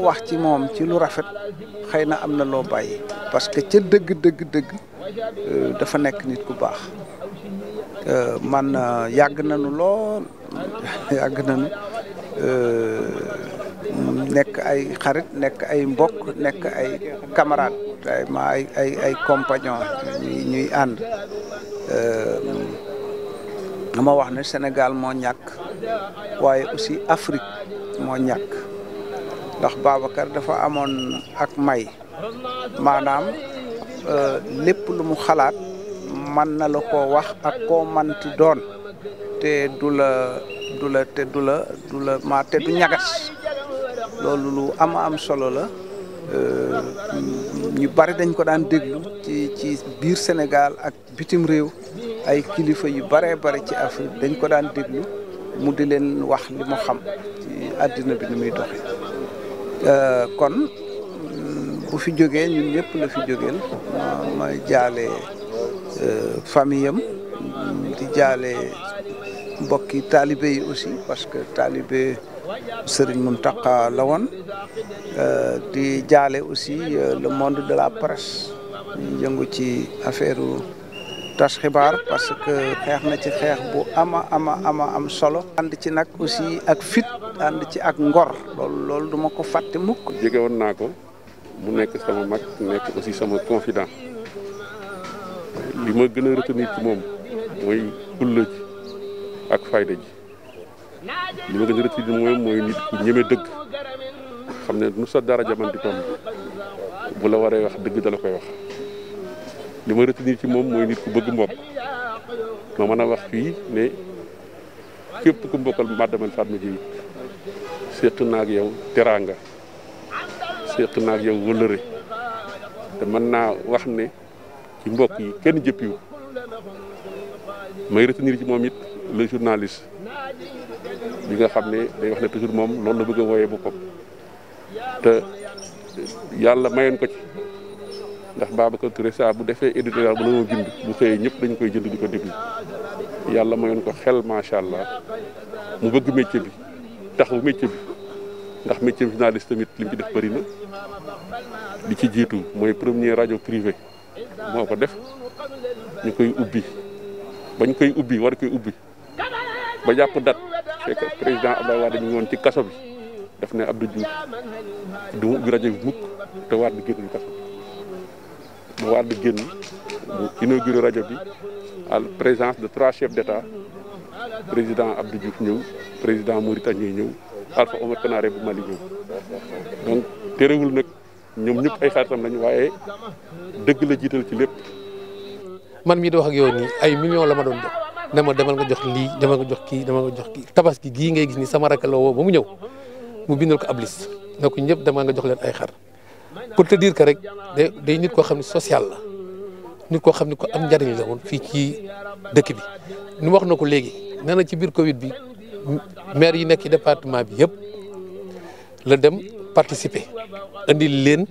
wax ci mom ci lu rafet xeyna amna lo baye parce que ci deug deug deug dafa nek nit ku bax euh, man euh, yag nañu lool yag nañu euh, nek ay xarit nek ay mbok nek ay camarade ay ma ay ay ay compagnon ñuy ñuy euh dama wax ne senegal mo ñak waye aussi Afrique mo ñak ndax babakar dafa amon ak may manam euh, lepp lu mu xalaat man na la koo wax ak koo doon te dula dula te dula dula ma te du ñagas lolou lu ama am solo la euh, ñu bari dañ ko daan deglu ci ci biir senegal ak bitim rew ay kilifa yu bare bare ci Afrique dañ ko daan deglu mu di leen wax li mu xam ci adina bi ni muy doxee Euh, kon bu fi jógee ñun ñëpp la fi jógeel ma jaale euh, famille am di jaale mbokki taalibe aussi parce que taalibe Serigne Mountakha la woon euh, di jaale aussi le monde de la presse ñu yëngu ci affaire tas xibar parce que xex na ci xex bu ama ama ama am solo and ci nak aussi ak fit and ci ak ngor lol lol duma ko fatte mukk jige won nako mu nek sama mak nek aussi sama confident Lima gëna gën retenir ci mom moy fulla ci ak fayda ji lima gëna gën ci mom moy nit ku ñeme dëgg xamne nu sa dara jamanti tam bu la waré wax dëgg la koy wax li ma retenir ci moom mooy nit ku bëgg mbokk ma mën a wax fii ne képp ku mbokkal Madiambal Fatma Dieye séq naa ak yow teraanga séq naa ak yow wëllëre te mën naa wax ne ci mbokk yi kenn jëppiwu may retenir ci moom it le journaliste bi nga xam ne day wax ne toujours moom loolu la bëgg a wooyee boppam te yàlla mayoon ko ndax Babacar Touré saa bu defee éditorial bu la bind bu xëyee ñëpp dañ koy jënd di ko déglu yàlla mayoon ko xel macha allah mu bëgg métier bi taxaw métier bi ndax métier bi journaliste tamit lim ci def bari na li ci jiitu mooy premier radio privé moo ko def ñu koy ubbi bañ koy ubbi war koy ubbi ba jàpp dat fekk président Abdoulaye Wade ñu ngi woon ci kaso bi daf ne Abdou Diouf du mu ubbi rajo bi mukk te Wade génn kaso bi mu wàdd génn mu rajo bi à de trois chefs président Abdou Diouf ñëw président Mauritanie ñëw Alpha Omar bu Mali ñëw donc waaye dëgg la jiital man mii di wax ak yow nii ay millions la ma doon jox ne ma demal nga jox lii demal nga jox kii demal nga jox kii tabaski gii ngay gis ni sama rakk la woo ba mu ñëw mu bindal ko ab liste ne ko ñëpp demal nga jox leen ay xar. pour te dire que rek day nit koo xam ne social la nit koo xam ne ko am njariñ la woon fii ci dëkk bi. nu wax na ko léegi nee na ci biir Covid bi maire yi nekk ci département bi yëpp la dem participer indi leen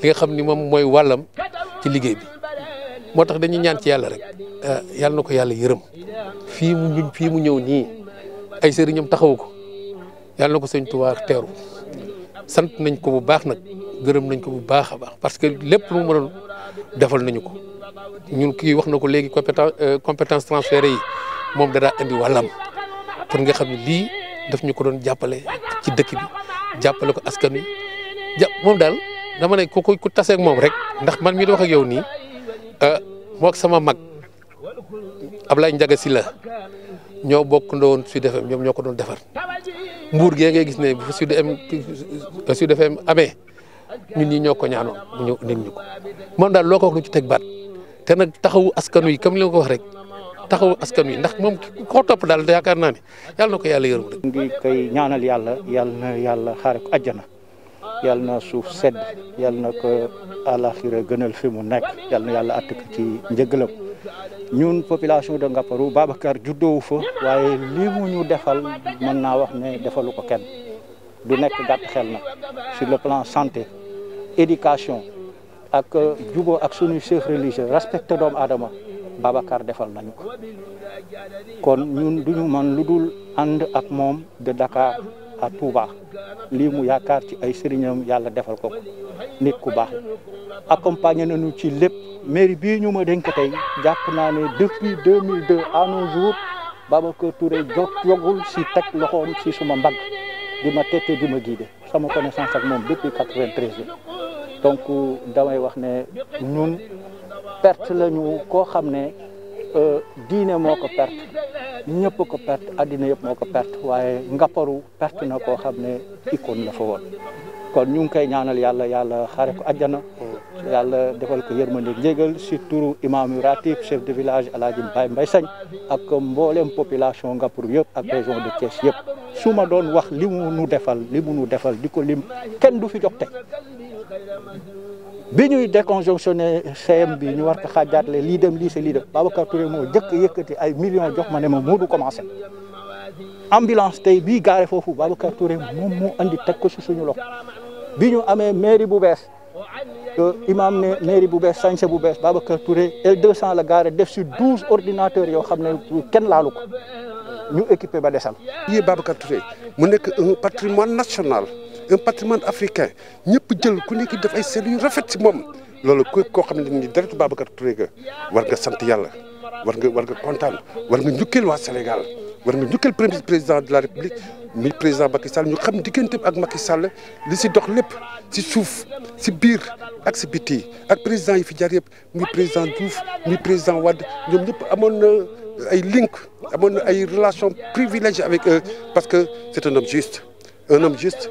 li nga xam ni moom mooy wàllam ci liggéey bi. moo tax dañuy ñaan ci yàlla rek ah, yàlla na ko yàlla yërëm fii mu fii mu ñëw nii ay sëriñam taxawu ko yàlla na ko sëñ Tuubaa teeru sant nañ ko bu baax nag. gërëm nañ ko bu baax a baax parce que lépp lu mu mënoon defal nañu ko ñun kii wax na ko léegi euh, compétence compétence transféré yi moom dadaa indi wàllam pour nga xam ne lii daf ñu ko doon jàppale ci dëkk bi jàppale ko askan wi ja moom dama ne ku ko ku taseeg moom rek ndax man mii di wax ak yow nii euh, moo ak sama mag Ablaye Ndiaga sila ñoo bokk ndoon Sud FM ñoom ñoo ko doon defar mbuur gee ngay gis ne bu su nit ñi ñoko ko ñaanoon mu ñëw nit ñuko ko moom daal loo ko lu ci tek baat té nak taxawu askan wi comme li nga ko wax rek taxawu askan wi ndax mom ko top daal da yakar ne yàlla na ko yàlla yërëm rek. ngi kay ñaanal yalla yalla na yàlla xaare ko aljana yalla na suuf sedd yalla na ko àlaxira gënal fi mu nekk yalla na yàlla àtt ci ñeegalam ñun population de babakar juddo wu fa waye li mu ñu defal man na wax ne defaluko kenn du nek gatt xel na sur le plan santé. éducation ak euh, juboo ak suñuy chef religieux doom doomu aadama Babacar defal nañu ko kon ñun duñu man lu dul ànd ak moom de Dakar à Touba lii mu yaakaar ci ay sëriñam yàlla defal ko ko ku baax accompagné nañu ci lépp mairie bii ñu ma denk tey jàpp naa ne depuis 2002 à nos jours Babacar Touré jot yogul si teg loxoom si suma mbagg di ma tette di ma guidé sama connaissance ak moom depuis 93 ans donc damay wax ne ñun perte lañu ñu koo xam ne euh, diine moo ko perte ñëpp ko perte addina yëpp moo ko perte waaye Ngaparou perte na koo xam ne icône la fa woon kon ñu ngi koy ñaanal yàlla yàlla xaare ko àjjana yàlla defal ko yërmande njégal surtout turu imam yu ratib chef de village alaaji Mbaye Mbaye Sagne ak mboolem population Ngaparou yëpp a région de Thiès yëpp su ma doon wax li mu nu defal li mu nu defal di ko lim kenn du fi jox tey bi ñuy déconjonctionné CM bi ñu war ko xaajaatle lii dem lii se lii dem Babacar Touré moo jëkk yëkkati ay millions jox ma ne ma moo du commencé ambulance tey bii gaare foofu Babacar Touré moom moo andi teg ko si suñu loxo bi ñu amee mairie bu bees euh, imaam ne mairie bu bees sañse bu bees Babacar Touré L200 la gaare def su douze ordinateurs yoo xam ne kenn laalu ko ñu équipé ba desal. lii Babacar Touré mu nekk un patrimoine national. un patrimoine africain nous jël ku nekk def ay seet rafet ci nous loolu ni Babacar war nga war nga war nga war nga nous Sénégal président de la République président Macky Sall ñu xam ak li dox lépp biir ak président yi fi président Douf, président Wad, link relation privilégiée avec eux parce que c'est un homme juste un homme juste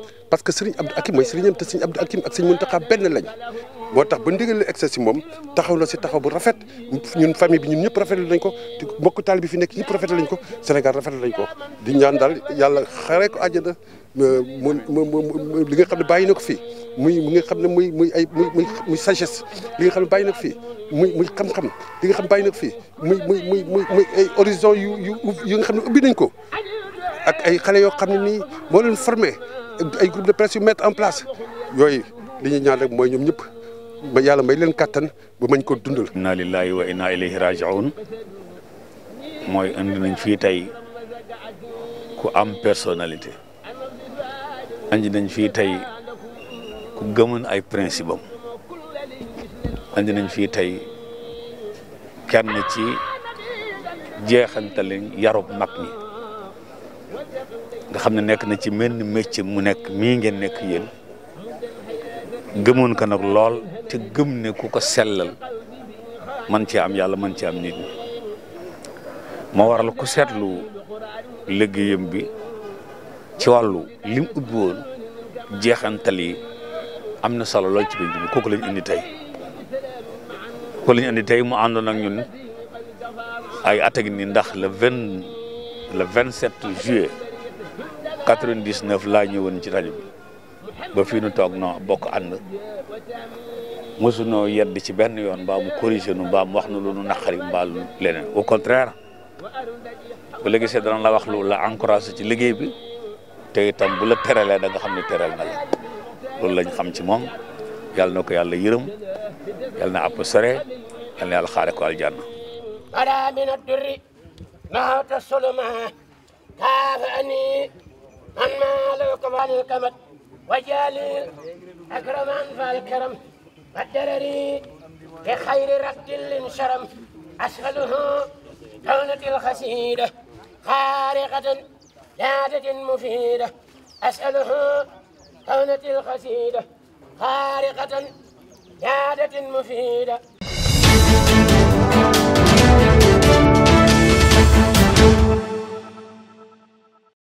parce que sëriñ Abdou Akim mooy sëriñam te sëriñ Abdou Akim ak sëriñ Mountakha benn lañ moo tax ba ndigal egg si moom taxaw na si taxaw ba rafet ñun famille bi ñun ñëpp rafetlu nañ ko mbokk taal bi fi nekk ñëpp rafetlu nañ ko Sénégal rafetlu nañ ko di ñaan daal yàlla xaree ko ajana mu li nga xam ne bàyyi na ko fii muy mi nga xam ne muy muy ay muy muy muy sagesse li nga xam fii muy muy xam-xam nga xam bàyyi na fii muy muy muy muy ay horizon yu yu yu nga xam ne ubbi nañ ko ak ay xale yoo xam ne nii moo leen formé ay groupe de presse mettre en place yooyu li ñuy ñaan rek mooy ñoom ñëpp ba yàlla may leen kattan ba mañ ko dundal. inna lillahi wa inna ilayhi raji'un mooy indi nañ fii tey ku am personalité andi nañ fii tey ku gëmoon ay principe am nañ fii tey kenn ci jeexantale yarub mag mi nga xam ne nekk na ci mel ni mu nekk mii ngeen nekk yéen gëmoon ka nag lool te gëm ne ku ko sellal man ci am yàlla man ci am nit ñi moo waral ku seetlu liggéeyam bi ci wàllu lim ubbi woon jeexantal yi am na solo lool ci biir bi kooku lañ indi tey kooku lañ indi tey mu àndoon ay at ndax le vingt le 27 juillet 99 laa ñëwoon ci rajo bi ba fii nu toog noo bokk ànd mosunoo yedd ci benn yoon mbaa mu corrigé nu mbaa mu wax nu lu nu naqari mbaa lu leneen au contraire bu la gisee dana la wax lu la encouragé ci liggéey bi te itam bu la teralee da xam ne teral na la loolu lañ xam ci moom yàlla na ko yàlla yërëm yàlla na àpp sore yàlla na yàlla xaare ko aljanna مات السلمة كافئني أما لو قبل القمد وجالي أكرم أنفى الكرم بدرري بخير رد لنشرم أسهله دولة الخسيدة خارقة لادة مفيدة أسألها دولة الخسيدة خارقة لادة مفيدة